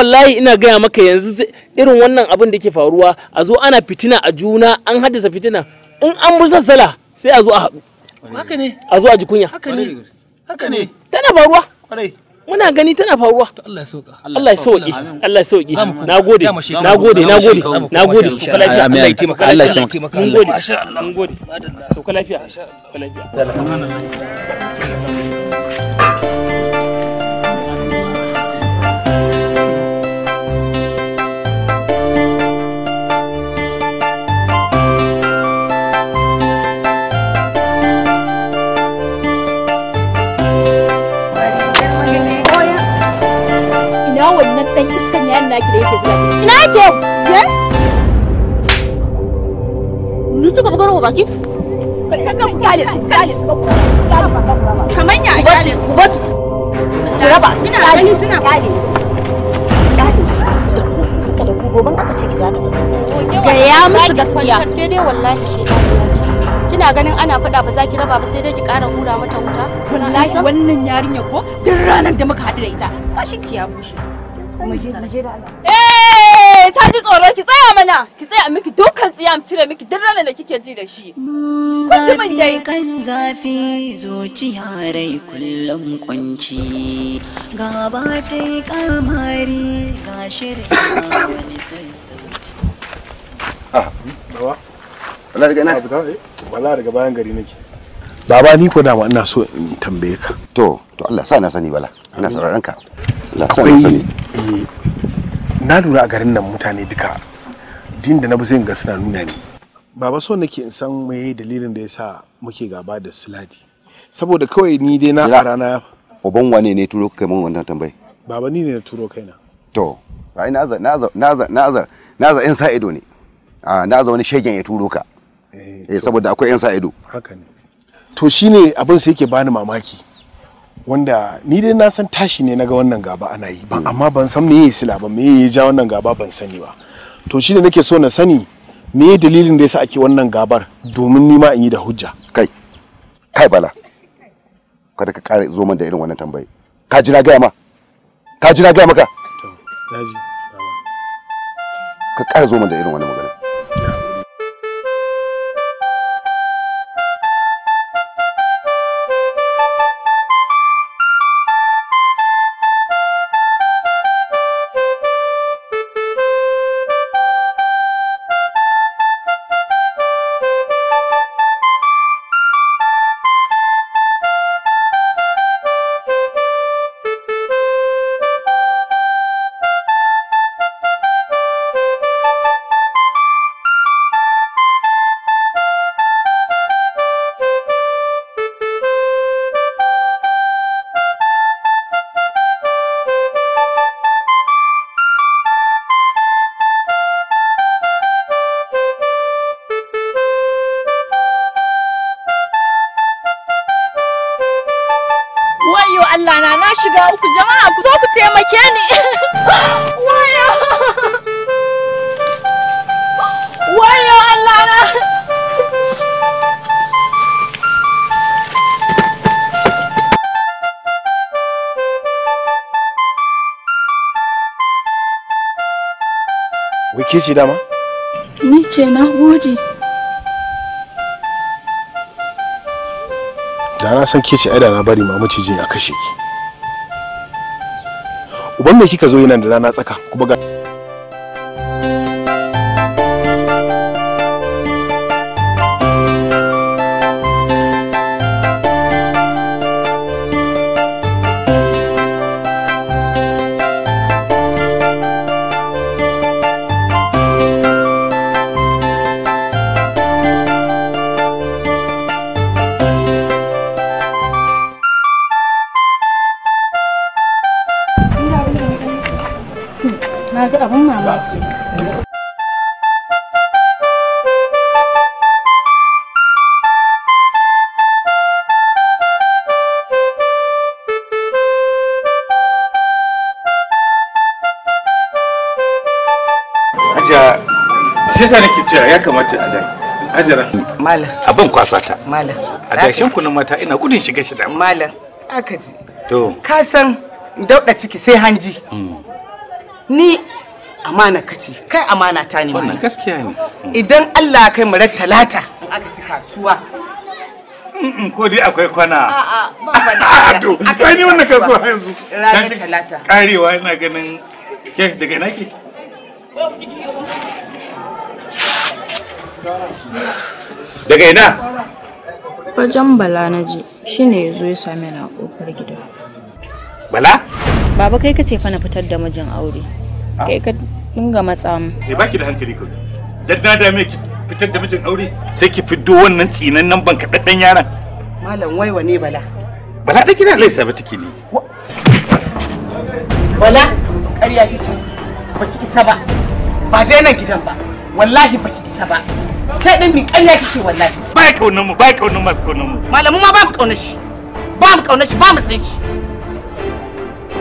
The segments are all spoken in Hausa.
wallahi ina gaya maka yanzu irin wannan abin da ke faruwa a zo ana fitina a juna an haddasa fitina in an bi sassala sai a zo a haɗu a zo a ji kunya haka ne haka ne tana faruwa muna gani tana faruwa Allah ya sauka Allah ya sauki Allah ya sauka lafiya Allah ya taimaka Allah ya taimaka gode mun gode sauka lafiya sauka lafiya nan naki da yake zuwa ina yake je ni bugar wa baki kakan kaman ya raba su ina gani suna suka da ku aka ce ki ja ta ga ya musu gaskiya ke dai wallahi kina ganin ana faɗa ba za ki raba ba sai dai ki ƙara hura mata wuta wallahi wannan yarinya ko duk ranar da muka haɗu da ita kashi ki ya bushe Eh, ta ji tsoro ki tsaya mana, ki tsaya miki dukkan tsiya mu cire miki duk ranar da kike ji da shi. Zafi kan zafi zuciya rai kullum kunci. Gaba ta yi kamari ga shirin wani sassauci. Ah, bawa. Wala daga ina? Eh. Wala daga bayan gari nake. Baba ni ko dama ina so in tambaye ka. To, to Allah sa na sani bala. Ina sauraron ka. Allah sa na sani. Eh, na lura a garin nan mutane duka din da na bi ga suna nuna ni baba so nake in san meye dalilin da yasa muke gaba da suladi saboda kawai ni dai na a rana uban wane ne turo kai mun wannan tambayi baba ni ne na turo kaina to ba na za na za na za na za in sa ido ne a na za wani shegen ya turo ka eh, eh saboda akwai yan sa ido haka ne to shine abin sai yake bani mamaki wanda ni dai na san tashi ne naga wannan gaba ana yi ba hmm. amma ban san meye sila ba meye ya ja wannan gaba ban sani ba to shine nake so na sani meye dalilin da yasa ake wannan gabar domin ni ma in yi da hujja kai kai bala kada ka kare zo man da irin wannan tambaye ka ji na gaya ma ka ji na gaya maka ka kara zo man da irin wannan magana ke ce dama ni ce na gode da na san ke ce ai da na bari mamu ce ya kashe ki uban me kika zo yana da rana tsaka kuma ga na ga abin mamaki Hajiya, shi yasa nake cewa ya kamata a dai. Hajara. Malam. Abin kwasa ta. Malam. A dashen kunan mata ina gudun shiga shida. Malam. Aka ji. To. Ka san dauɗa ciki sai hanji. Mm. ni amana kace kai amana ta ne wannan gaskiya ne idan Allah ya kai mu ran talata in aka ci kasuwa ko dai akwai kwana a a ba to kai ni wannan kasuwa yanzu ranar talata karewa ina ganin ke daga ina daga ina wajen bala na ji shine yazo ya same na a kofar gida bala Baba kai kace fa na fitar da mijin aure. Ah. Kai ka dinga matsa mu. Eh baki da hankali ko. Dan na dame ki fitar da mijin aure sai ki fiddo wannan tsinan nan ban kadaddan yaran. Malam wai wane bala. Bala da kina laisa ba take ne. Bala kariya kike. Baki isa ba. Ba nan gidan ba. Wallahi baki isa ba. Kai din mi kariya kike wallahi. Ba ka kaunar mu, ba mu ba ka kaunan mu. Malamu ma ba mu kaunar shi. Ba mu kaunar shi, ba mu san shi.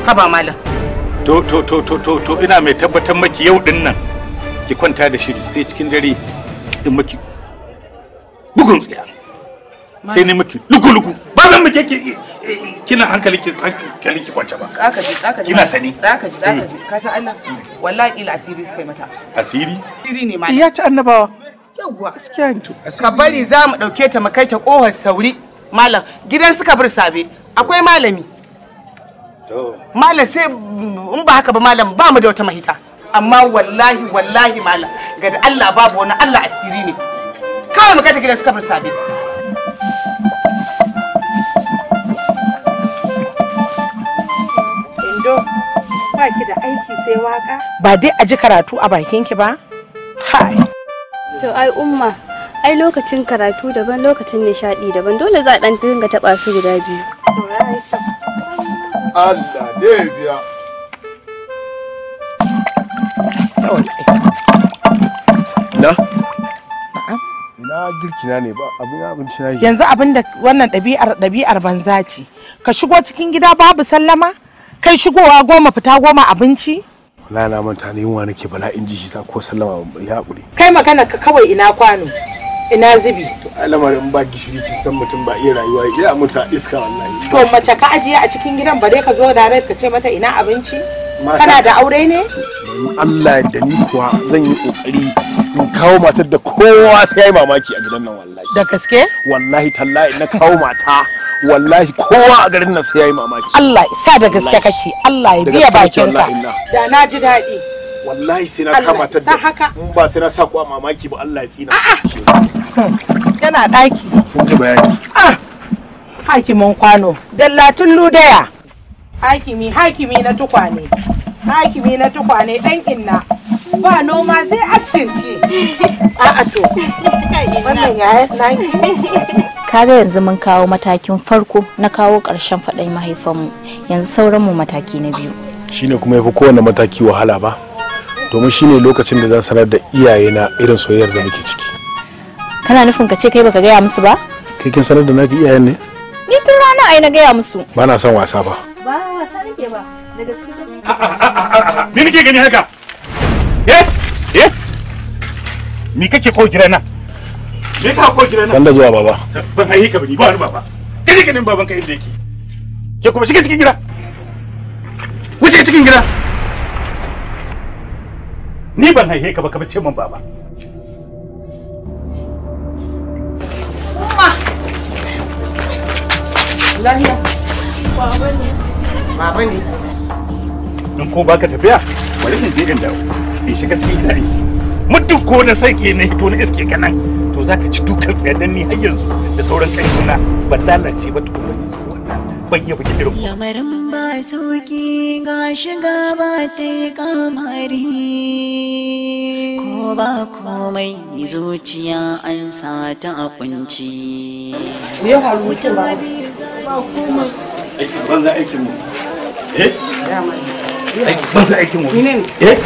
haba malam to to to to to to ina mai tabbatar maki yau din nan ki kwanta da shiri sai cikin dare in maki bugun tsaya sai ne maki lugu-lugu ba zan muke kina hankali ki hankali ki kwanta ba tsaka ji tsaka ji kina sani tsaka ji tsaka mm. ji ka san Allah wallahi ila asiri sai yi mata asiri asiri ne ma ya ci annabawa yawwa gaskiya ne to ka bari za mu dauke ta mu kai ta kohar sauri malam gidan suka bir sabe akwai malami malam sai in ba haka ba malam ba mu da wata mahita amma wallahi wallahi malam ga Allah babu wani Allah asiri ne kawai mu kada ta gidan suka sabi Indo ba ki da aiki sai waka ba dai a ji karatu a bakin ki ba hai to ai umma ai lokacin karatu daban lokacin nishadi daban dole za a dan dinga taba su guda biyu Allah dai biya. Na? Na girkina ne ba abin abinci na Yanzu abin da wannan ɗabi'ar ɗabi'ar banza ce. Ka shigo cikin gida babu sallama? Kai shigowa goma fita goma abinci? Wala na manta ne yunwa nake bala'in ji shi ko sallama ya haƙuri. Kai magana ka kawai ina kwano. ina zubi to alamarin ba gishiri ki san mutum ba iya rayuwa ya mutu iska wallahi to mace ka ajiye a cikin gidan ba dai ka zo da ka ce mata ina abinci kana da aure ne Allah da ni kuwa zan yi kokari in kawo matar da kowa sai yayi mamaki a gidan nan wallahi da gaske wallahi tallahi na kawo mata wallahi kowa a garin nan sai yayi mamaki Allah sa da gaske kake Allah ya biya bakin ka da na ji dadi wallahi sai na kama ta da in ba sai na sa ku a mamaki ba Allah ya tsina a'a yana ɗaki kun bayani ah hakimin kwano dallatun ludaya hakimi hakimi na tukwane hakimi na tukwane dan inna ba noma sai abinci A'a to wannan yaya naki kaga yanzu mun kawo matakin farko na kawo ƙarshen faɗai mahaifanmu yanzu sauran mu mataki na biyu shine kuma yafi kowane mataki wahala ba domin shine lokacin da zan sanar da iyayena irin soyayyar da muke ciki kana nufin ka ce kai baka gaya musu ba kai kin sanar da naki iyayen ne ni tun rana ai na gaya musu ba na son wasa ba ba wasa nake ba da gaske ah, ah, ah, ni nake gani haka eh eh me kake ko jira na me ka ko jira na sanda zuwa baba ban haihi ka bani ba ni baba kai ka nan baban ka inda yake ke kuma shiga cikin gida wuce cikin gida ni ban haihe ka ba ka bace mun baba Lahiya. Baba ne. Baba ne. In ko baka tafiya, bari in dawo. shiga cikin gari. Muddin ko na sarki na hito na iske kanan, to za ka ci dukan tsayadan ni har yanzu da sauran ƙarfina ba lalace ba tukuna yanzu wannan bayyana irin Lamarin ba sauki ga shiga ba ta yi kamari. ba komai zuciya an sa ta a kunci wuta ta ba komai banza aikin mu eh banza aikin mu eh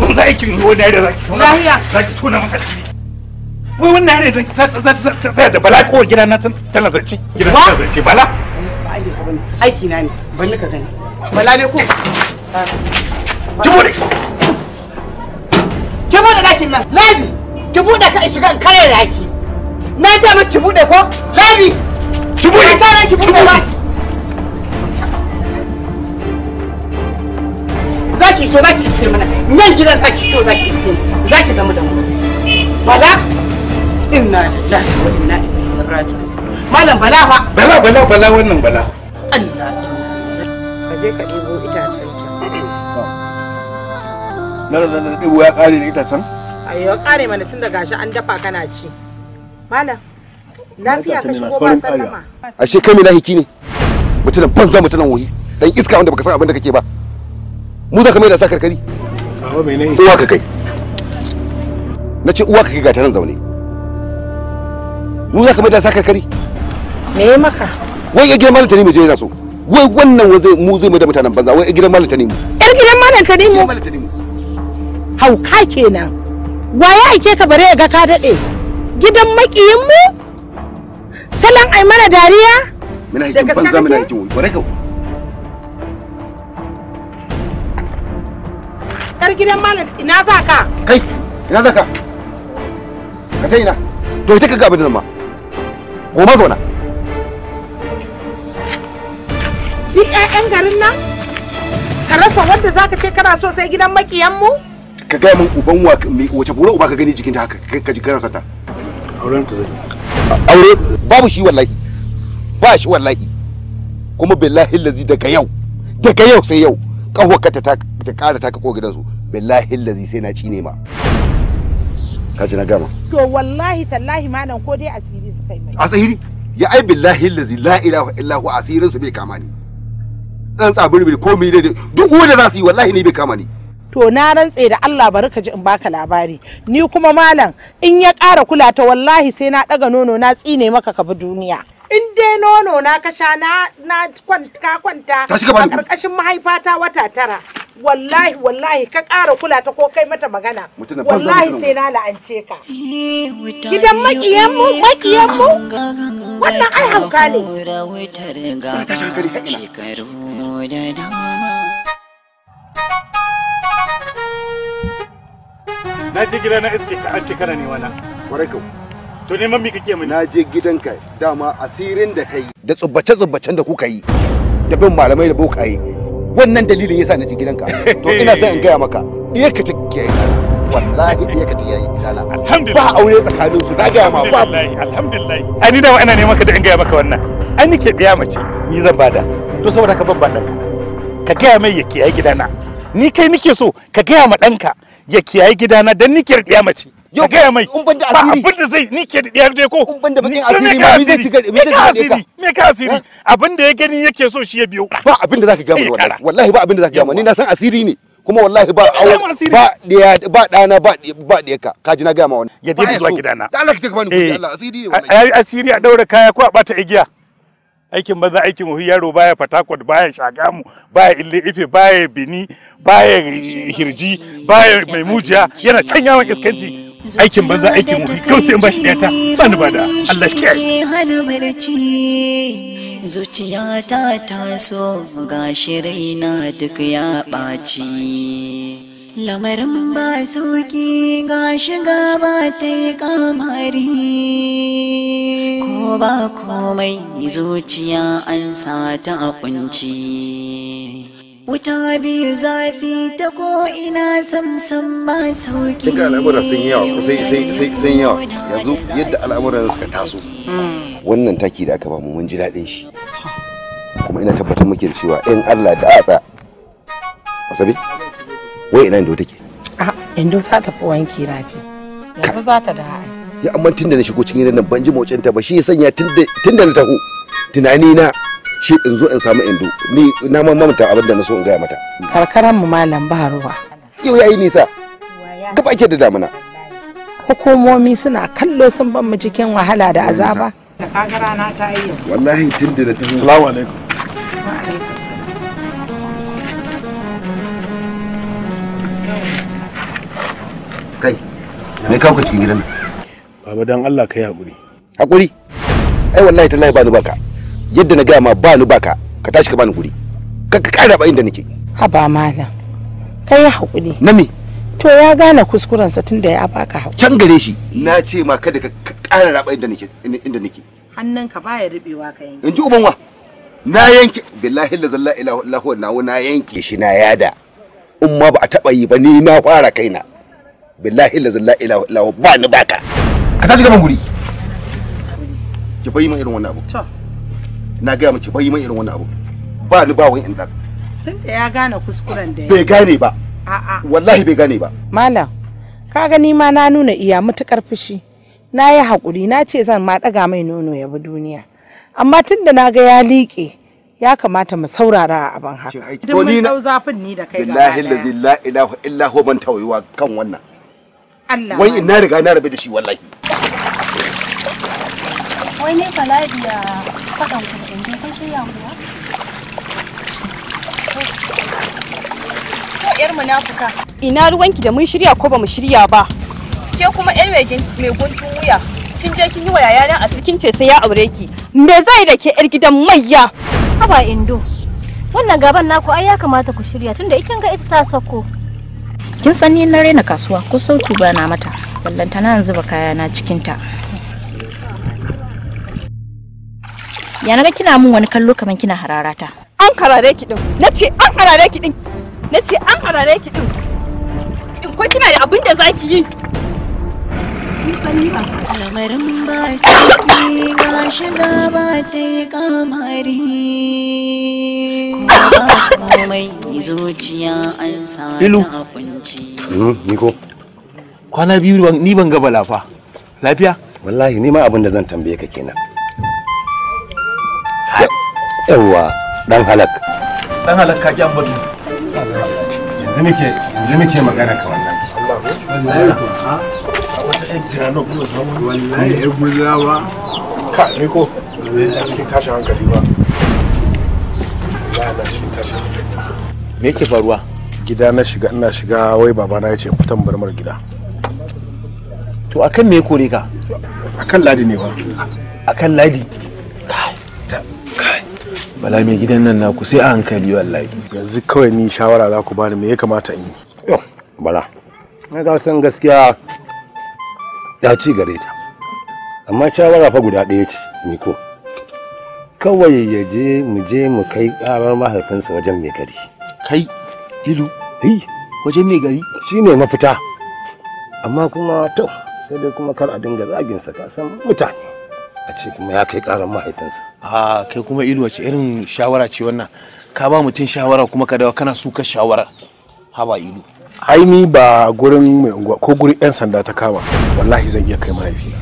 banza aikin mu wani zaki lahiya zaki tona maka wai wannan yare zaki bala kowar gida na tana zance gida tana zance bala aiki na ne ban nika gani bala ne ko Jumuri! bude dakin nan ladi ki bude ka shiga in kare daki na ce miki ki bude ko ladi ki bude ta ki bude ba zaki to zaki iske mana nan gidan zaki to zaki iske zaki gamu da bala inna lillahi wa inna ilaihi malam bala fa bala bala bala wannan bala Allah ka ka ɗebo na da na ɗigo ya ƙare ita itacen? ayo ƙare mana tun da gashi an dafa kana ci malam lafiya ka shigo ba sallama ashe kai mai lahiki ne mutumin banza mutunan wuhi dan iska wanda baka san abin da kake ba mu za ka mai da sa karkari uwa ka kai na ce uwa ka kai gata nan zaune mu za ka mai da sa karkari me maka wai ya girma ta ne mai je yana so wai wannan mu zai mu zai mai da mutanen banza wai gidan malam mu. yar gidan malam mu. hauka kenan waye ake ka bare ga ka dade? gidan makiyin mu salon ai mana dariya muna hikin banza muna hikin bare ka kar gidan malam ina za ka kai ina za ka ka ta ina to ita ka ga abin nan ma ko ma zauna duk 'ya'yan garin nan ka rasa wanda zaka ce kana so sai gidan makiyan mu ka gaya min uban wa wace bura uba ka gani ta haka ka ji kana sata auren ta zai aure babu shi wallahi ba shi wallahi kuma billahi lazi daga yau daga yau sai yau kahwaka ta ta kara ta kako gidansu billahi lazi sai na cine ma ka ji na gama to wallahi tallahi malam ko dai asiri su kai mai asiri ya ai billahi lazi la ilaha illa hu asirin su bai kama ni dan tsabiri ko mi dai duk wanda za su yi wallahi ne bai kama ni to na rantse da Allah bari ka ji in baka labari ni kuma malam in ya ƙara kula ta wallahi sai na ɗaga nono na tsine maka ka bi duniya in dai nono na ka sha na na kwanta kwanta a ƙarƙashin mahaifata wata tara wallahi wallahi ka ƙara kula ta ko kai mata magana wallahi sai na la'ance ka gidan makiyan mu makiyan mu wannan ai hauka ne shekaru da dama Na je gida na iske ka an ci kana ne wana. Kwarai kau. To neman me kake mini? Na je gidanka dama asirin da kai da tsubbace tsubbacen da kuka yi da bin malamai da bokaye. Wannan dalilin yasa na je gidanka. To ina son in gaya maka. Iya ka take wallahi iya ka tike yayi ilala. Alhamdulillah. Ba aure tsakanin su na ga ma ba. Alhamdulillah. Ai ni da ana ne maka da in gaya maka wannan. Ai nike ɗaya mace ni zan bada. To saboda ka babba ɗanka. Ka gaya mai yake ya gidana. ni kai nike so ka gaya ma ɗanka ya kiyaye gidana don nike da mace yau gaya mai in banda asiri ba abin da zai ni ke da dai ko in banda bakin asiri ma mi zai cigar mi zai cigar me ka asiri abin da ya gani yake so shi ya biyo ba abin da zaka ga mai wallahi wallahi ba abin da zaka ga mai ni na san asiri ne kuma wallahi ba awo ba da ba dana ba ba da ka ji na ga ma wani ya dai zuwa gidana Allah ka take bani ku Allah asiri ne wallahi asiri a daura kaya ko a bata igiya aikin maza aikin wuhi yaro baya fatakwat baya shagamu baya ille ife baya bini baya hirji baya mai mujiya yana can yawon iskanci aikin maza aikin wuhi kawai sai ba shi ta ba da Allah shi kai zuciyata ta so ga shirina duk ya ɓaci lamarin ba sauki ga shiga ba ta yi kamari ba komai zuciya an sa a kunci wuta biyu zafi ta ko ina samsam ba sauki duka al'amuran sun yawa sun yawa yanzu yadda al'amuran suka taso wannan taki da aka bamu mun ji daɗin shi kuma ina tabbatar muke cewa in Allah da atsa asabi wai ina inda take a'a inda ta tafi wanki rafi yanzu za ta da ha'a ya amma tunda na shigo cikin nan ban ji motsin ta ba shi ya sanya tunda na taho tunani na shi in zo in samu indo ni na mamamta abin da na so in gaya mata karkaran mu malam baharuwa yau yayi nisa ba ke da damuna hukumomi suna kallo sun ban mu cikin wahala da azaba kakara na ta yi wallahi tunda na taho assalamu alaikum kai me kawo cikin gidan nan Baba dan Allah kai hakuri. Hakuri? Ai wallahi tallahi ba ni baka. Yadda na gaya ma ba ni baka. Ka tashi ka bani guri. Ka ka kara ba inda nake. ba malam. Kai hakuri. Na me? To ya gane kuskurensa tunda ya baka hakuri. Can gare shi. Na ce ma kada ka kara raba inda nake inda nake. ka baya rubewa ka yanke. In ji uban wa. Na yanke billahi la zalla ilaha illahu na na yanke shi na yada. In ma ba a taba yi ba ni na fara kaina. Billahi la zalla ilaha illahu ba ni baka. ka tashi gaban guri ki bai min irin wannan abu na gaya miki bai min irin wannan abu ba ni ba wani inda tunda ya gane kuskuren da ya bai gane ba a'a wallahi bai gane ba malam ka gani ma na nuna iya mutukar fushi na yi haƙuri na ce zan ma ɗaga mai nono ya bi duniya amma tunda na ga ya liƙe ya kamata mu saurara a abin haka. Duk mun zafin ni da kai gaba ɗaya. Billahi la ilaha illa huwa man tawiwa kan wannan. wai ina riga na rabe da shi wallahi wai ne falabi ya faɗan ku in dai kun shirya mu? ko yar munafuka ina ruwanki da mun shirya ko ba mu shirya ba ke kuma yar mai guntun wuya kin je kin yi wa yayana a cikin ce sai ya aure ki me zai da ke yar gidan mayya haba indo wannan gaban naku ai ya kamata ku shirya tunda ikin ga ita ta sako kin tsani na raina kasuwa ko sautu ba na mata ballanta na zuba kayana cikin ta ya na kina mun wani kallo kaman kina hararata an karare ki din nace an karare ki din nace an karare ki din din ko kina da abin da zaki yi lamarin ba sai ki ga shiga ba ta yi kamari ilu. Hmm, ko an kwana biyu ni ban ga bala fa lafiya wallahi ni ma abin da zan tambaye ka kenan yawa dan halak dan halak ka ki an yanzu muke yanzu muke magana ka wallahi wallahi ha wata kuma samu hmm. wallahi gurzawa ka ni ko a cikin tashin hankali ba me yake faruwa gida na shiga ina shiga wai babana ya ce fitan barmar gida to akan me kore ka akan ladi ne ba akan ladi bala mai gidan nan naku sai a hankali wallahi yanzu kawai ni shawara za ku bani me ya kamata in yi yo bala na ga san gaskiya ya ci gare ta amma shawara fa guda ɗaya ce ni ko kawai ya je mu je mu kai karar mahaifinsa wajen mai gari kai ilu eh wajen mai gari shine mafita amma kuma to sai dai kuma kar a dinga zagin sa kasan mutane a ce kuma ya kai karar mahaifinsa a kai kuma ilu wace irin shawara ce wannan ka ba mutum shawara kuma ka dawo kana suka shawara haba ilu ai ni ba gurin mai unguwa ko gurin yan sanda ta kama wallahi zan iya kai mahaifina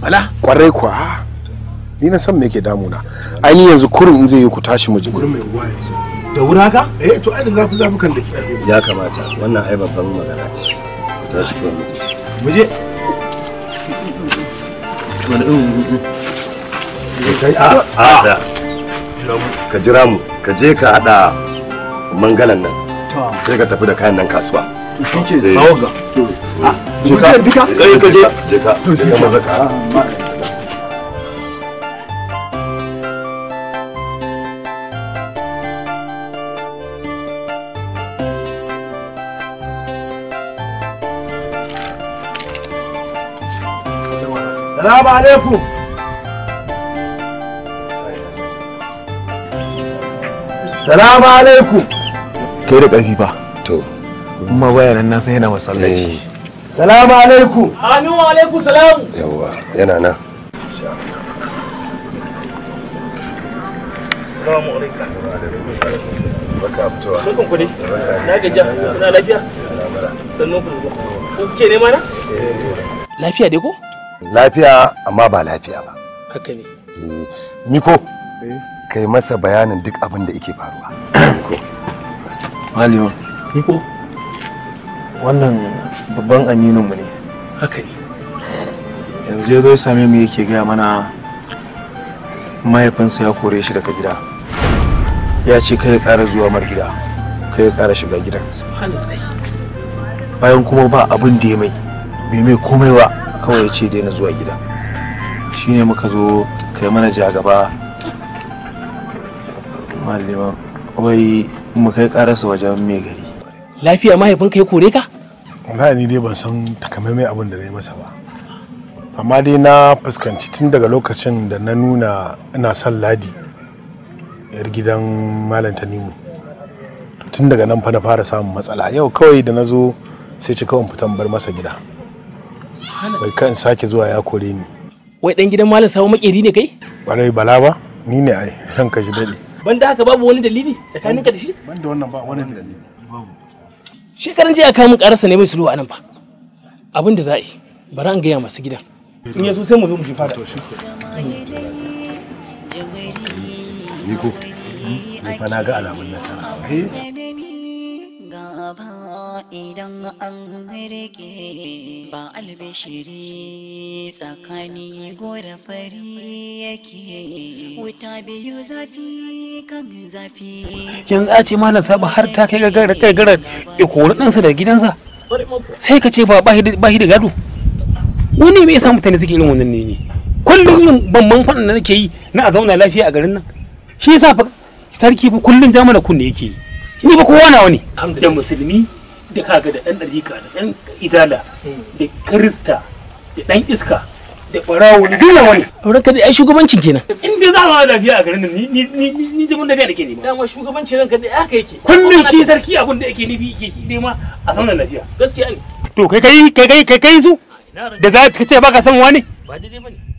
bala kwarai kuwa ni na san me yake damuna ai ni yanzu kurin in zai yi ku tashi mu ji gurin mai ruwa da wura ga eh to ai da zafi zafi kan da ke ya kamata wannan ai babban magana ce ku tashi ku mu je wani kai a a ah! ka jira mu ka je ka hada mangalan nan sai ka tafi da kayan nan kasuwa jika, jika, jika, jika, jika, jika, jika, jika, jika, jika, jika, jika, Salamu alaikum. Salamu alaikum. Kai da ƙarfi ba. To. Kuma bayanan nan sai yana masallaci. Eh. Salamu alaikum. Amin wa alaikum salam. Yawwa yana nan. Salamu alaikum. Baka fitowa. Barkan ku dai. Na gaja. Na lafiya? Sannan ku da Ku ce ne mana? Eh. Lafiya dai ko? lafiya amma ba lafiya ba haka ne eh, miko kai masa bayanin duk abin da yake faruwa malima miko wannan babban aminin mu ne haka ne yanzu ya zo ya same mu yake gaya mana mahaifinsa ya kore shi daga gida ya ce kai ya ƙara zuwa mar gida kai ya ƙara shiga gidan bayan kuma ba abin da ya mai bai mai komai ba kawai ya ce daina zuwa gida ne muka zo kai mana ja gaba malima wai mu kai karasa wajen mai gari lafiya mahaifinka ya kore ka na ni dai ban san takamaimai abin da na yi masa ba amma dai na fuskanci tun daga lokacin da na nuna ina son ladi yar gidan malam tanimu tun daga nan fa na fara samun matsala yau kawai da na zo sai ci kawai fitan bar masa gida bai kan sake zuwa ya kore ni wai dan gidan malam sawo makeri ne kai barai bala ba ni ne ai ranka shi dade ban da haka babu wani dalili tsakaninka da shi ban da wannan ba wani dalili babu shekaran jiya ka mun karasa ne mai sulu anan ba abin da za yi bari an gaya masu gidan in yaso sai mu zo mu shi ko ni ko ni fa na ga alamun nasara eh? ba idan an rike ba albishiri tsakani gora fari yake wuta biyu zafi kan zafi yanzu a ce malam saba har ta kai gagarar kai garar ɗansa da gidansa sai ka ce ba ba shi da gado wani mai sa mutane suke irin wannan ne kullum yin bamban faɗin da nake yi na a zauna lafiya a garin nan shi yasa sarki fa kullum ja mana kunne yake yi ni ba kowa nawa ne da musulmi da kaga da dan dalika da dan idala da krista da dan iska da barawo da dole wani auren ka da ai shugabancin kenan in dai za mu lafiya a garin nan ni ni ni da mun da ke nema dan shugabancin ranka da haka yake kullum shi sarki abin da yake nufi yake nema a san da lafiya gaskiya ne to kai kai kai kai su da za ka ce baka san wani ba daidai bane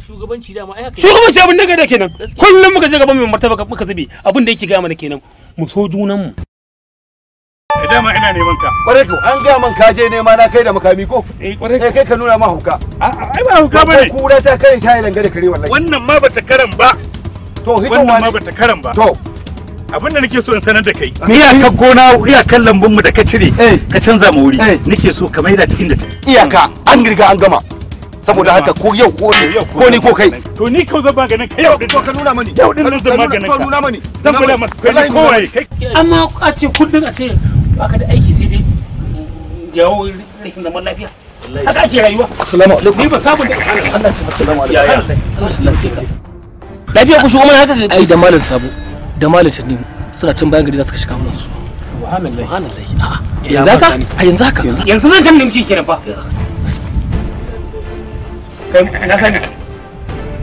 shugabanci dama ai haka shugabanci abin da ga kenan kullum muka je gaban mai martaba muka zube abin da yake gaya mana kenan mu so junan mu idan eh, ma ina neman ka kware ko an ga man kaje nema na kai da makami ko eh kware eh, kai ka nuna ma huka ai ba huka bane kura ta kai ta yi langa da kare wallahi wannan ma bata karan ba to hito wannan ma bata karan ba to abin da nake so in sanar da kai eh. iyakar gona iyakar lambun mu da ka cire ka canza mu wuri nake so ka maida cikin da iyaka an riga an gama saboda haka ko yau ko ne ko ni ko kai to ni ko zan maganin kai yau to ka nuna mani yau din nan zan maganin ka to nuna mani zan kula maka kai ko waye amma a ce kullun a ce baka da aiki sai dai jawo rikin zaman lafiya haka ake rayuwa assalamu alaikum ni ba sabon da Allah ce assalamu alaikum lafiya ku shugo mana haka ai da malam sabo da malam tanimu suna can bayan gari za su shiga musu subhanallahi subhanallahi a yanzu haka a yanzu haka yanzu zan can nimki kenan fa kai na sani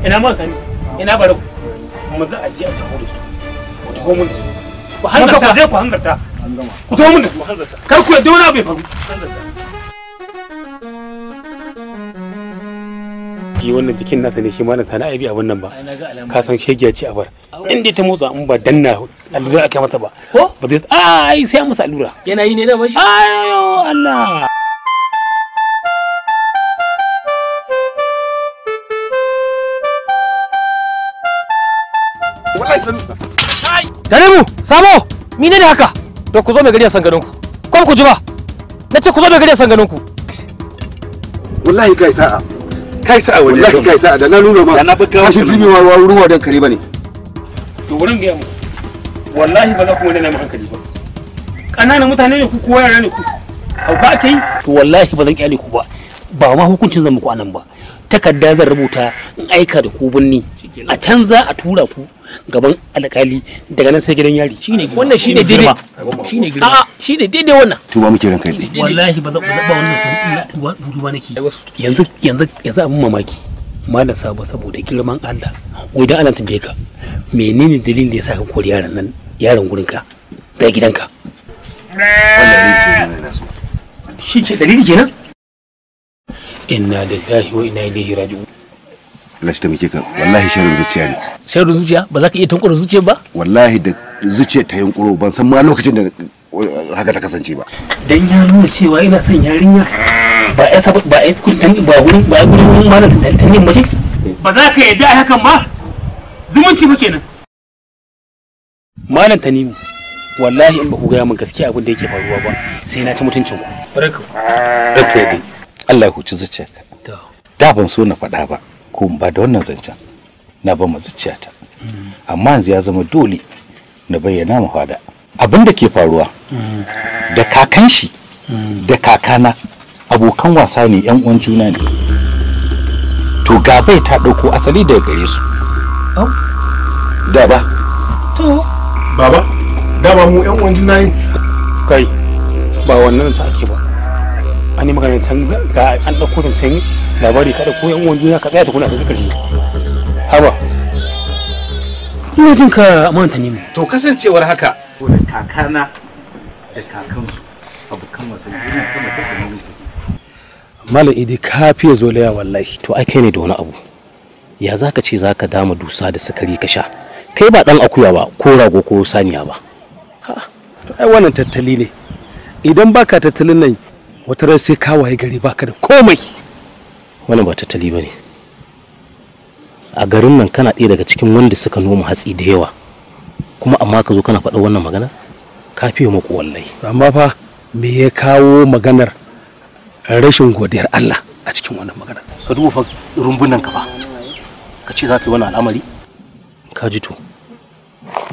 ina ma sani ina bare ku mu za a je a taho da su ku taho mun da su ku hanzarta ku je ku hanzarta ku taho mun da su hanzarta kar ku yadda wani abu ya faru hanzarta shi wannan jikin nasa ne shi ma na na aibi abin nan ba ka san shegiya ce a bar inda ta motsa in ba danna allura aka masa ba ba zai ai sai musa allura yana yi ne da mashi ayo Allah mu, Sabo, ni ne da haka? To ku zo mai gari a ganin ku. Kon ku ji ba. Na ce ku zo mai gari a ganin ku. Wallahi kai sa'a. Kai sa'a wallahi. Wallahi kai sa'a da na nuna ma. Da na fi kawo. Kashi filmi wa ruwa dan kare bane. To wurin ga mu. Wallahi ba za ku wani ne mu hankali ba. Ƙananan mutane ne ku ko yara ne ku. Sauka ake yi. To wallahi ba zan kyale ku ba. Ba ma hukuncin zan muku anan ba. takarda zan rubuta in aika da ku binni a can za a tura ku gaban alkali daga nan sai gidan yari shine wannan shine daidai shine girma a shine daidai wannan tuba muke ranka dai wallahi ba zan ba wannan san tuba tuba nake yanzu yanzu yanzu abin mamaki malam sabo saboda girman Allah wai dan Allah tambaye ka menene dalilin da yasa ka kori yaran nan yaran gurin ka da gidanka wannan ne ce ne na so shi ke dalili kenan inna lillahi wa inna ilaihi raji'un Allah shi taimake ka wallahi shirin zuciya ne shirin zuciya ba za ka iya tankura zuciya ba wallahi da zuciya ta yunkuro ban san ma lokacin da eh, haka ta kasance ba dan ya nuna cewa ina son yarinya ba ya saba ba ya kuntan ba gurin ba gurin da tantan mace ba za ka yadda ai hakan ba zumunci ba kenan malam tanimu wallahi in ba ku gaya min gaskiya abin da yake faruwa ba sai na ci mutuncin ku barka barka dai Allah ya huci zuciyarka da ban so na faɗa ba ko ba da wannan zancen na ba ma zuciyata mm. amma yanzu ya zama dole na bayyana mu fada abin da ke faruwa mm. da kakan shi mm. da kakana abokan wasa ne yan uwan juna ne to gabai ta ɗauko asali daga gare su oh. da ba to baba da ba mu yan uwan juna ne kai ba wannan ta ake ba an yi magana can ga an ɗauko can can labari ka ɗauko yan uwan duniya ka tsaya ta kuna da ƙarshe haba ina jin ka manta ne to kasancewar haka da kakana da kakansu kan wasan juna ta mace da nauyi suke malam idi ka fiye zolaya wallahi to ai kai ne da wani abu ya zaka ce zaka dama dusa da sukari ka sha kai ba dan akuya ba ko rago ko saniya ba ai wannan tattali ne idan baka tattalin nan wata ran sai ka waye gari baka da komai wannan ba tattali bane a garin nan kana ɗaya daga cikin wanda suka noma hatsi da yawa kuma amma ka zo kana faɗa wannan magana ka fiye maku wallahi amma fa me ya kawo maganar rashin godiyar Allah a cikin wannan magana ka duba fa rumbunan ka fa ka ce za ka yi wani al'amari ka ji to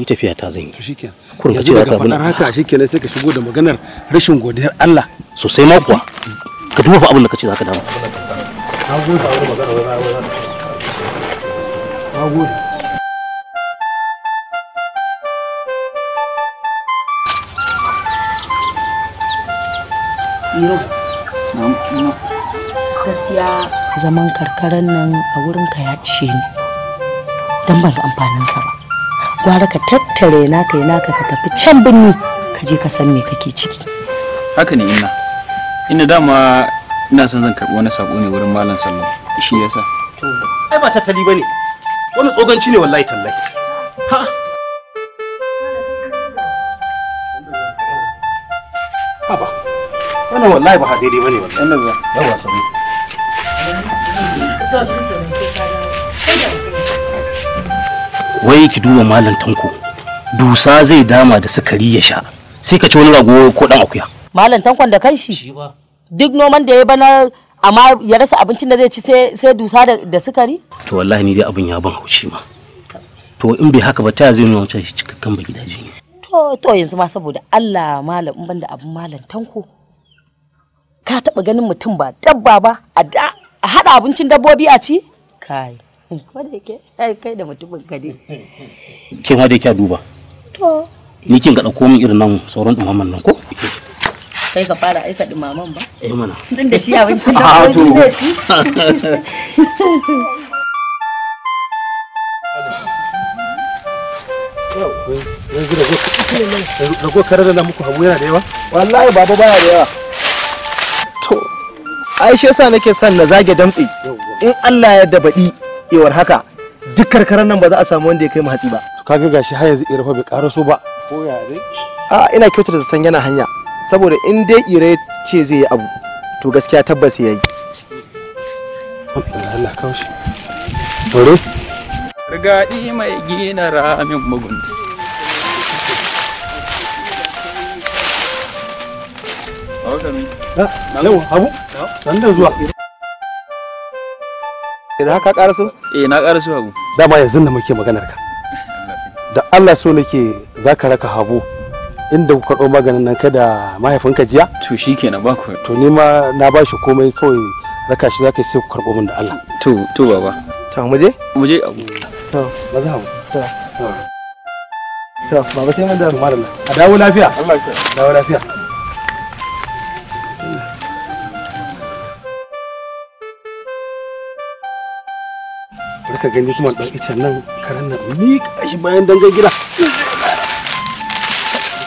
ni tafiya ta zan yi shikenan yanzu daga faɗar haka shi kenan sai ka shigo da maganar rashin godiyar Allah sosai ma kuwa ka duba abin da ka ce za dama gaskiya zaman karkaran nan a wurinka ya ishe ni don ban ga amfaninsa ba gwara ka tattare naka yi naka ka tafi can birni ka je ka san me kake ciki haka ne ina ina dama ina son zan karbi wani sako ne wurin malam sallam shi yasa to ai ba tattali bane wani tsoganci ne wallahi tallahi ha haba wannan wallahi ba daidai bane wallahi yawa sabu wai ki duba malam tanko dusa zai dama da sukari ya sha sai ka ci wani rago ko dan akuya malam tankon da kanshi duk noman da ya bana amma ya rasa abincin da zai ci sai dusa da sukari to wallahi ni dai abin ya ban haushi ma to in bai haka ba ta zai nuna wancan shi cikakken ba gidaje ne to to yanzu ma saboda Allah malam in banda abin malam tanko ka taba ganin mutum ba dabba ba a hada abincin dabbobi a ci kai wanda yake kai da mutumin gari kin wanda yake duba to ni kin ga dauko min irin nan sauran dumaman nan ko kai ka fara aika dumaman ba eh mana din da shi abincin da ko ah, zai ci yanzu rago da muku yana da yawa wallahi baya da yawa to ai shi yasa nake son na zage damtsi in Allah ya dabaɗi miƙewar haka duk karkarar nan ba za a samu wanda ya kai mu hatsi ba kaga gashi har yanzu irafa bai karaso ba ko ya dai a ina kyautata san yana hanya saboda in dai ire ce zai yi abu to gaskiya tabbas yayi Allah kawo shi Rigadi mai gina ramin mugunta. Ina ka ƙara so? Eh na ƙara so Habu. Dama yanzu da muke maganar ka. Da Allah so nake za ka raka Habu inda ku karɓo maganin nan kada mahaifinka jiya? To shi kenan ba ku. To ni ma na ba shi komai kawai raka shi za ka sai ku karɓo min da Allah. To to baba. To mu je? Mu je Habu. To maza Habu. To. To baba sai mun da malama. A dawo lafiya. Allah ya sa. Dawo lafiya. ka gani kuma dan icen nan karen nan ni kashi bayan dangar gida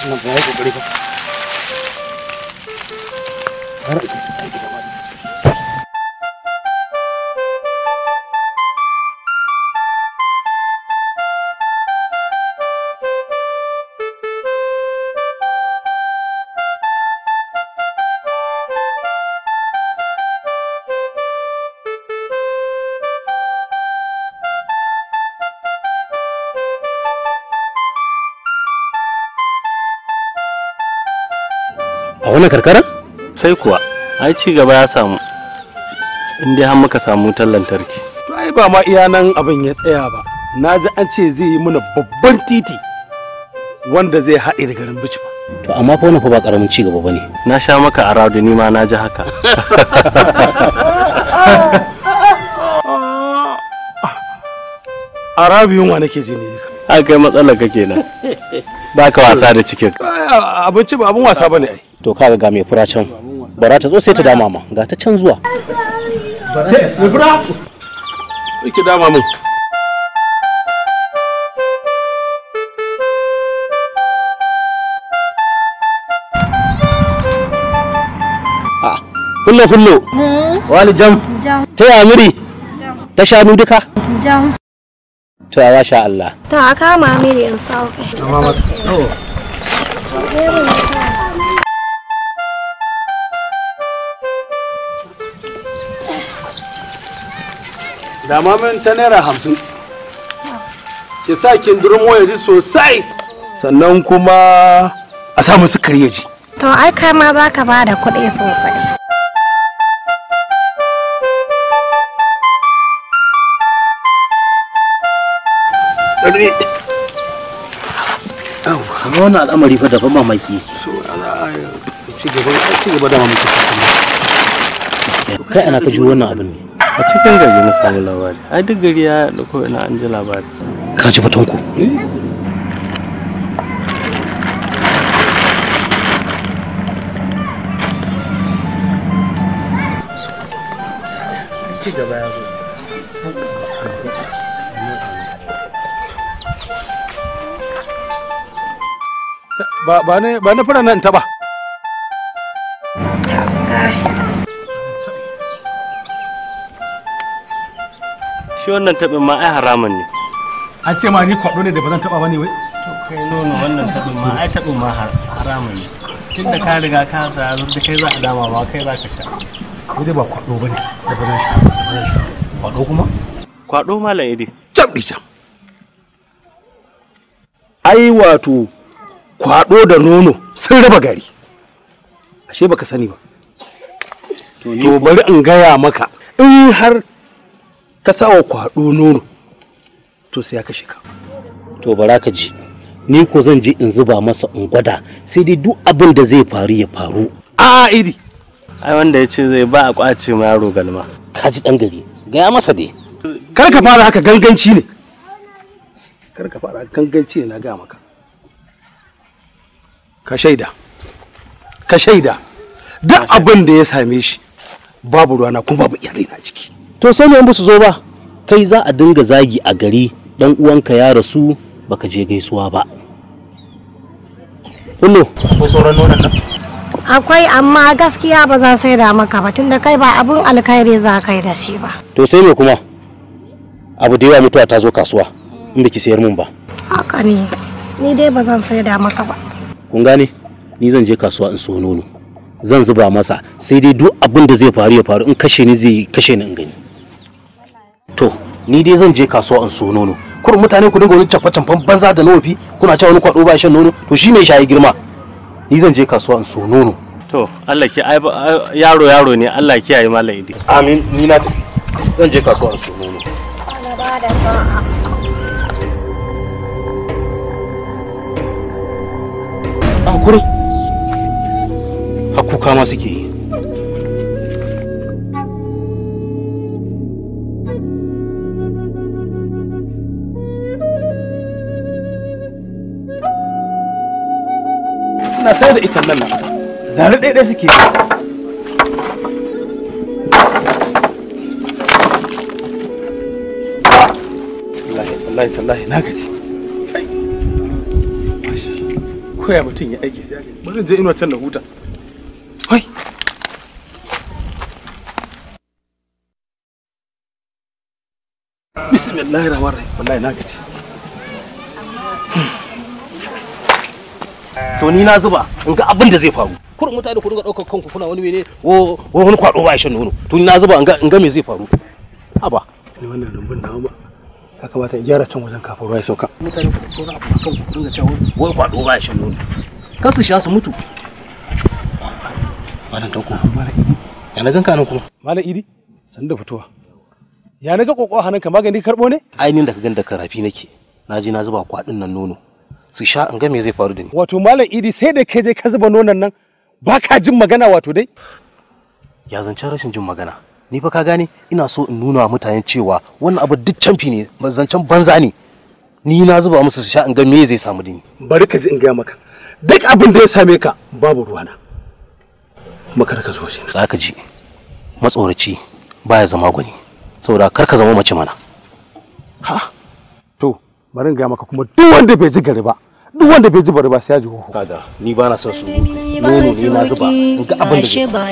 nan har a wannan karkaran. sai kuwa ai ci gaba ya samu in dai har muka samu wutar lantarki to ai ba ma iya nan abin ya tsaya ba na ji an ce zai yi mana babban titi wanda zai haɗe da garin bici ba to amma fa wannan fa ba karamin ci gaba bane na sha maka aradu ni ma na ji haka arabi yunwa nake ji ne a kai matsalar ka kenan ba ka wasa da cikin abinci ba abin wasa bane ai to kaga ga mai fura can bara ta zo sai ta dama ma ga ta can zuwa mai fura ki dama min Kullo ah, kullo. Hmm? Wani jam. Ta yi Jam. Ta sha duka. Jam. To a sha Allah. Ta kama miri in sauke. Amma mata. da ma ta naira hamsin kisa sa kin durmo ya ji sosai sannan kuma a samu sukari ya to ai kai ma za ka ba da kuɗi sosai a amma wani al'amari fa daban mamaki ci gaba da mamaki kai ana ka ji wannan abin ne a cikin gari na samu labari a duk gari ya dauko ina an ji labari ka ci fatanku ci eh. ne ba na fara nan ta ba shi wannan taɓin ma ai haramun ne an ce ma ni kwaɗo ne da ba zan taɓa ba ne wai to kai nono wannan taɓin ma ai taɓin ma haramun ne tun da ka riga ka sa da kai za a dama ba kai za ka sha ni ba kwaɗo ba ne da ba zan sha kwaɗo kuma kwaɗo malam idi can ɗi ai wato kwaɗo da nono sun raba gari ashe baka sani ba to bari in gaya maka in har ka sawa kwaɗo nono to sai ya kashe ka to bara ka ji ni ko zan je in zuba masa in gwada sai dai duk abin da zai faru ya faru a idi ai wanda ya ce zai ba a kwace ma yaro galma ka ji dan gari gaya masa dai kar ka fara haka ganganci ne kar ka fara ganganci ne na ga maka ka shaida ka shaida duk abin da ya same shi babu ruwana kuma babu iyalai na ciki to sai ne su zo ba kai za a dinga zagi a gari dan uwanka ya rasu baka je gaisuwa ba kullu akwai sauran nonon nan akwai amma gaskiya ba za sai da maka ba tunda kai ba abun alkhairi za kai da shi ba to sai me kuma abu da yawa mutuwa ta zo kasuwa in ki sayar mun ba haka ne ni dai ba zan sai da maka ba kun gane ni zan je kasuwa in so nono zan zuba masa sai dai duk abin da zai faru ya faru in kashe ni zai kashe ni in gani ni dai zan je kasuwa in so nono kurin mutane ku dinga wani canfa canfan banza da nofi kuna cewa wani kwado ba shan nono to shi mai shayi girma ni zan je kasuwa in so nono to Allah ki yaro yaro ne Allah ki yayi malam idi amin ni na zan je kasuwa in so nono ana ba ma suke yi sai da ita nan zare ɗaya suke Allah Allah na gaji koya mutum ya aiki sai bari je inuwa na huta bismillahir bismillahirrahmanirrahim wallahi na gaji to ni na zuba in ga abin da zai faru kurin mutane ku dinga daukar kanku kuna wani mene wo wani kwado ba ya shan nono to ni na zuba in ga in ga me zai faru haba ni wannan rumbun na ba ka kamata in gyara can wajen kafin ruwa ya sauka mutane ku dinga abu kanku ku dinga cewa wai kwado ba ya shan nono kan su sha su mutu malam dauko malam idi ya na ganka nan kuma malam idi san da fitowa ya na ga kokko hannunka magani karbo ne ainihin da ka ganda karafi nake na je na zuba kwadin nan nono su sha in ga me zai faru da ni wato malam idi sai da ke je ka zuba nonon nan ba ka jin magana wato dai ya zancen rashin jin magana ni fa ka gane ina so in nuna mutane cewa wannan abu duk canfi ne zancen banza ne ni na zuba musu su sha in ga me zai samu da ni bari ka ji in gaya maka duk abin da ya same ka babu ruwana makar ka zo shi za ka ji matsoraci baya zama gwani saboda kar ka zama mace mana ha to bari in gaya maka kuma duk wanda bai ji gari ba duk wanda bai zuba bari ba sai ya ji hoho kada ni ba na son su nono ni na zuba in ga abin da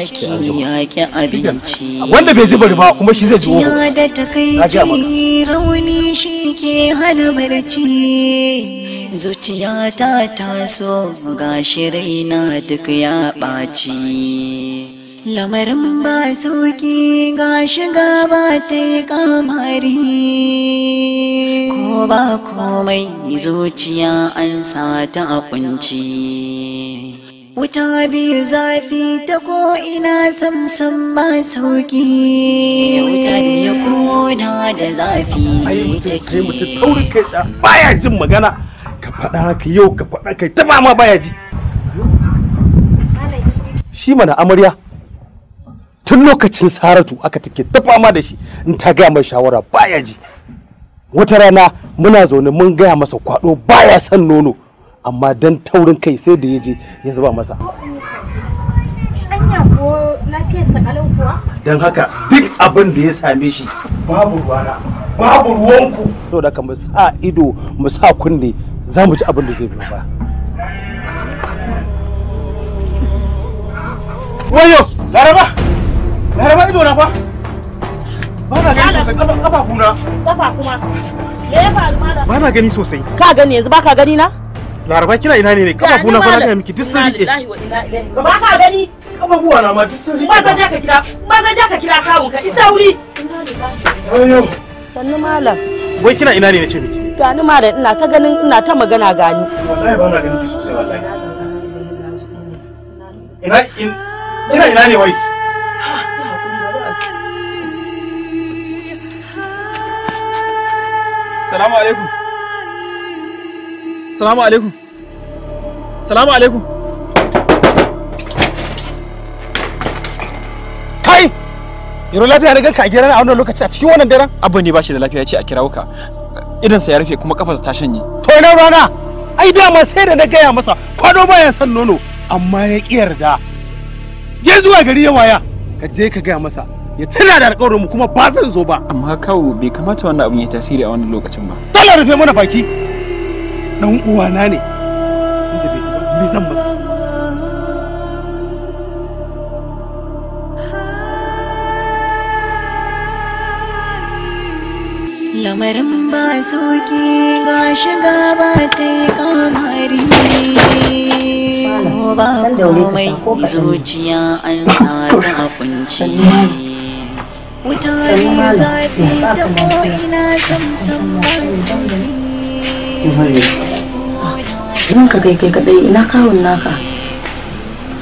ya ke abinci wanda bai zuba bari ba kuma shi zai ji hoho ya da takaici rauni shi ke hana barci zuciya ta taso gashi raina duk ya baci. lamarin ba sauki ga shiga ba ta yi kamari ko ba komai zuciya an sata a kunci wuta biyu zafi ta ko ko'ina samsam ba sauki wutan ya kona da zafi ke. mutum-taurin take baya jin magana ka faɗa ka yau ka faɗa kai ta ma baya ji shi mana amarya tun lokacin saratu aka take ta fama da shi in ta gaya mai shawara baya ji wata rana muna zaune mun gaya masa kwado baya son nono amma dan taurin kai sai da ya je ya zuba masa don haka duk abin da ya same shi babu ruwana babu ruwanku to da mu sa ido mu sa kunne za mu ji abin da zai biyo ba wayo laraba Laraba ido na fa. Ba na gani sosai kafa kuna. Kafa kuma. Me ya faru malam? Ba na gani sosai. Ka gani yanzu ka gani na? Laraba kina ina ne ne kafa kuna fa na ga miki duk sun rike. Ba ka gani? Kafa buwa na ma duk sun rike. Maza ja ka kira, maza ja ka kira kawun ka isa wuri. Ayo. Sannu malam. Wai kina ina ne nace miki? Gani malam ina ta ganin ina ta magana gani. Wallahi ba na ganin sosai wallahi. Ina ina ne wai? Salamu alaikum. Salamu alaikum. Salamu alaikum. Kai! Yaro lafiya da ganka a gidan a wannan lokaci a cikin wannan daren? Abba ne ba shi da lafiya ya ce a kirawuka. ka. Idansa ya rufe kuma kafarsa ta shanye. To ina rana! Ai dama sai da na gaya masa ba ya san nono amma ya ƙi yarda. Je zuwa gari ya waya ka je ka gaya masa ya tana da alƙawarin mu kuma ba zan zo ba amma kawo bai kamata wannan abin ya tasiri a wannan lokacin ba dole rufe mana baki dan uwana ne inda bai me zan masa lamarin ba sauki ga shiga ba ta yi kamari ko ba komai zuciya an sa ta kunci Ina ka kai kai kadai ina kawun naka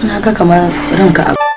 ina ga kamar ranka abu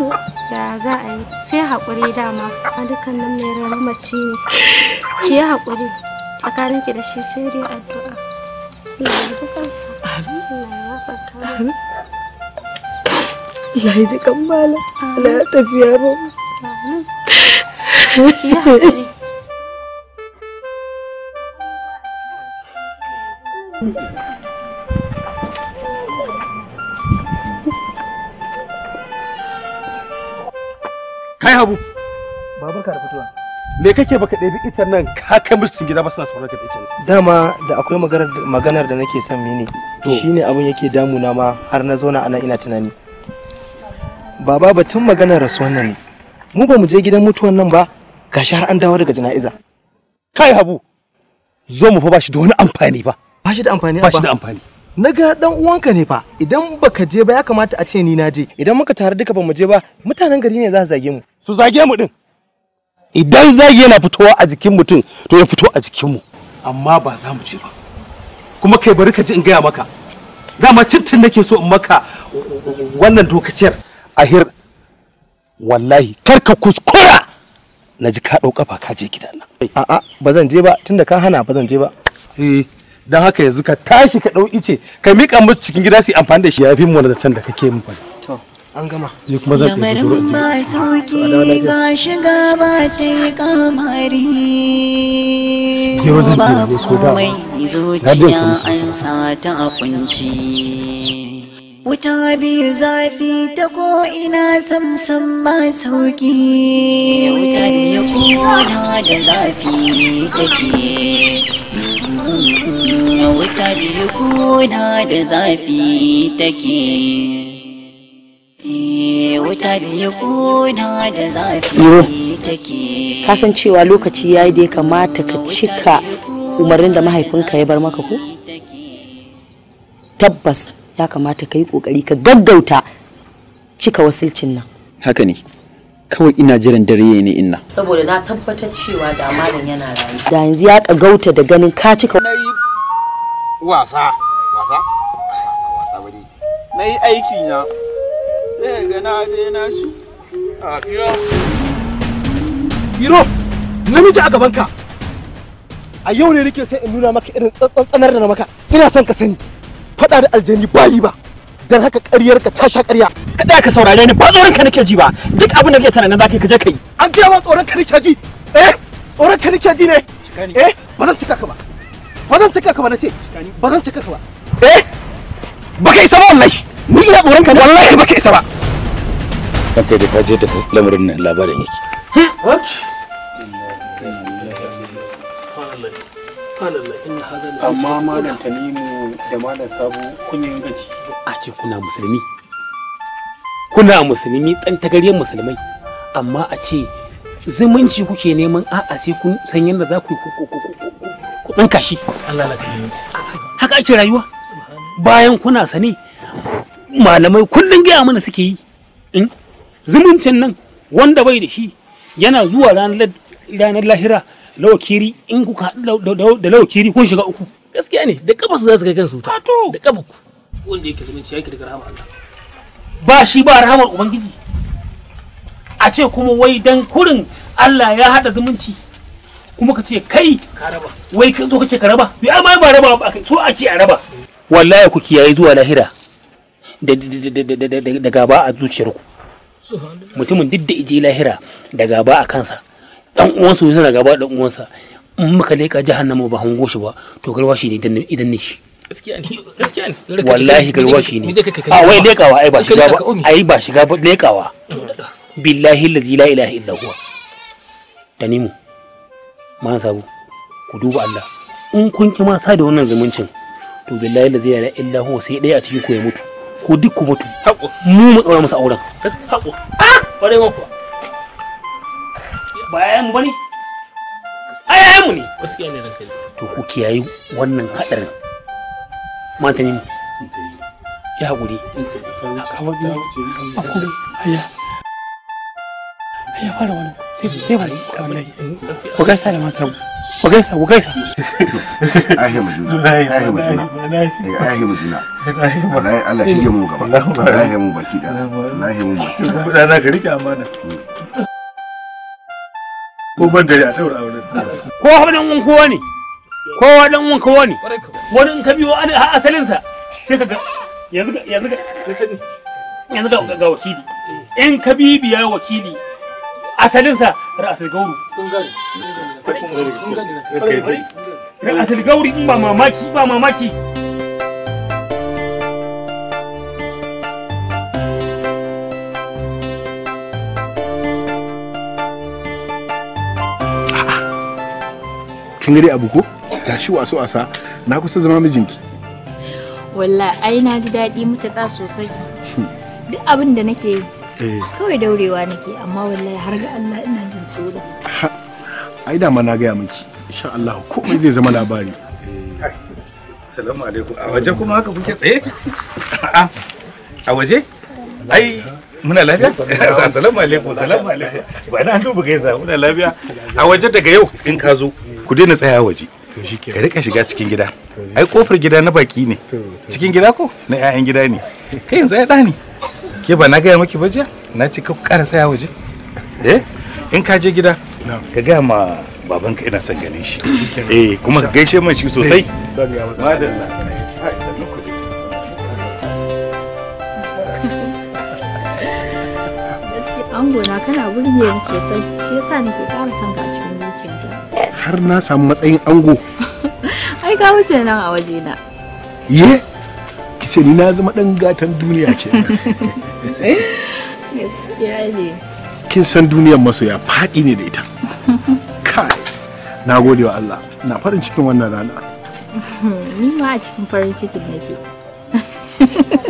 to da za a yi sai haƙuri dama a dukkanin mai mamaci ne ki yi haƙuri tsakanin ki da shi sai dai addu'a Allah kansa ya ji kan mala Allah tafiya ba ki yi haƙuri kai habu babar ka da me kake baka ɗebi itan nan ka kai musu gida ba suna sauran ka itan dama da akwai maganar da nake son mini shine abin yake damuna ma har na zauna ana ina tunani baba batun maganar rasuwan nan ne mu ba mu je gidan mutuwan nan ba gashi har an dawo daga jana'iza kai habu zo mu fa ba shi da wani amfani ba ba shi da amfani ba shi da amfani na ga dan uwanka ne fa idan baka je ba ya kamata a ce ni na je idan muka tare duka ba mu je ba mutanen gari ne za su zage mu su zage mu din idan zage yana fitowa a jikin mutum to ya fito a jikin mu amma ba za mu je ba kuma kai bari ka ji in gaya maka dama tintin nake so in maka wannan dokaciyar ahir wallahi karka kuskura na ji ka dauka ba ka je gidan nan a'a ba zan je ba tunda ka hana ba zan je ba eh don haka yanzu ka tashi ka dau ice ka miƙa musu cikin gida su amfani da shi yafi mu da da kake mu to an gama ni kuma za ka yi ba sauki ba shiga ba ta yi kamari ba komai zuciya an sa ta a kunci wuta biyu zafi ta ko ina samsam ba sauki wutar ya kona da zafi take wuta biyu kuna da zafi take eh, wuta biyu kuna kasan cewa lokaci ya yi da ya kamata ka cika umarnin da mahaifinka ya bar maka ko tabbas ya kamata ka yi kokari ka gaggauta cika wasilcin nan haka ne kawai ina jiran dare ne ina saboda na tabbatar cewa da malam yana rayu da yanzu ya gauta da ganin ka cika wasa wasa wasa bari na yi aiki na sai ga na je na shi a iro iro namiji a gaban ka a yau ne nake sai in nuna maka irin tsantsanar da na maka ina son ka sani faɗa da aljani ba ba dan haka ƙaryar ka ta sha ƙarya ka tsaya ka saurare ni ba tsoron ka nake ji ba duk abin da kake tunanin zaka ka je kai an ga ba tsoron ka nake ji eh tsoron ka nake ji ne eh ba zan cika ka ba ba zan cika ka ba nace ba zan cika ka ba eh ba kai sabon wallahi ni ina tsoron ka ne wallahi baka isa ba kan kai da ka je da lamarin nan labarin yake hmm? amma malam tanimu da malam kun gaci a ce kuna musulmi kuna musulmi ɗan tagaryen musulmai amma a ce zumunci kuke neman a'a sai kun san yadda za ku yi ku kashi. haka ake rayuwa bayan kuna sane malamai kullum gaya mana suke yi in zumuncin nan wanda bai da shi yana zuwa ranar lahira lawakiri in kuka haɗu da lawakiri kun shiga uku gaskiya ne da kafa su za su kai kansu ta to da kafa ku wanda yake zumunci yake daga rahama Allah ba shi ba rahama ubangiji a ce kuma wai dan kurin Allah ya haɗa zumunci kuma ka ce kai Ka raba. wai ka zo ka ce ka raba to ai ba raba ba so a ce a raba wallahi ku kiyaye zuwa lahira da gaba a zuciyarku mutumin duk da ije lahira da gaba a kansa dan uwansu ne suna gaba dan uwansa in muka leka jahannama ba hango shi ba to shi ne idan ne shi gaskiya gaskiya ne wallahi shi ne a wai lekawa ai ba shiga ba ai ba shiga ba lekawa billahi allazi la ilaha illa huwa tanimu ma sabu ku duba Allah in kun ki ma sa da wannan zumuncin to billahi allazi la ilaha illa huwa sai dai a cikin ku ya mutu ku duk ku mutu mu mu tsaura masa auren haƙo ah mu kuwa ba yayan ba ne a yayan mu ne gaskiya ne ranka to ku kiyaye wannan haɗarin mata ne ya hakuri na kawo ne a kuma haya haya fara wani sai yi ne ka yi ku gaisa da mata ku gaisa ku gaisa ahe mu juna ahe mu juna ahe Allah shi ya mu gaba wallahi mu baki da wallahi mu baki da na ga rike amana hmm. ko ban dare a saura auren ko haɗin wun kowa ne ko waɗin wun kowa ne wani in ka biyo asalinsa sai ka ga yanzu ga yanzu ga yanzu ga ga wakili eh. in ka bibiya wakili asalinsa ra'asar gauru sun gari ra'asar gauri ba mamaki ba mamaki kin gari abu ko gashi wasu wasa na kusa zama mijinki walla ai na ji daɗi mutuƙa sosai hmm. duk abin da nake yi eh. kawai daurewa nake amma wallahi har ga Allah ina jin tsoro ai da ma na gaya miki insha Allah komai zai zama labari Assalamu alaikum a waje kuma haka kuke tsaye a waje ai muna lafiya assalamu alaikum assalamu alaikum ba na duba gaisa muna lafiya a waje daga yau in ka zo ku daina tsaya waje ka rika shiga cikin gida ai kofar gida na baki ne cikin gida ko na 'ya'yan gida ne kai yanzu ya ɗani ke ba na gaya maki ba jiya na ce ka ƙara tsaya waje eh in ka je gida ka gaya ma babanka ina son ganin shi eh kuma ka gaishe man shi sosai madalla gona kana burge ni sosai shi yasa nake ƙara son ka a cikin zuciyata har na samu matsayin ango ai ka wuce nan a waje na ye ki ce ni na zama dan gatan duniya ke kin san duniyar masoya faɗi ne da ita kai na gode wa Allah na farin cikin wannan rana ni ma a cikin farin cikin nake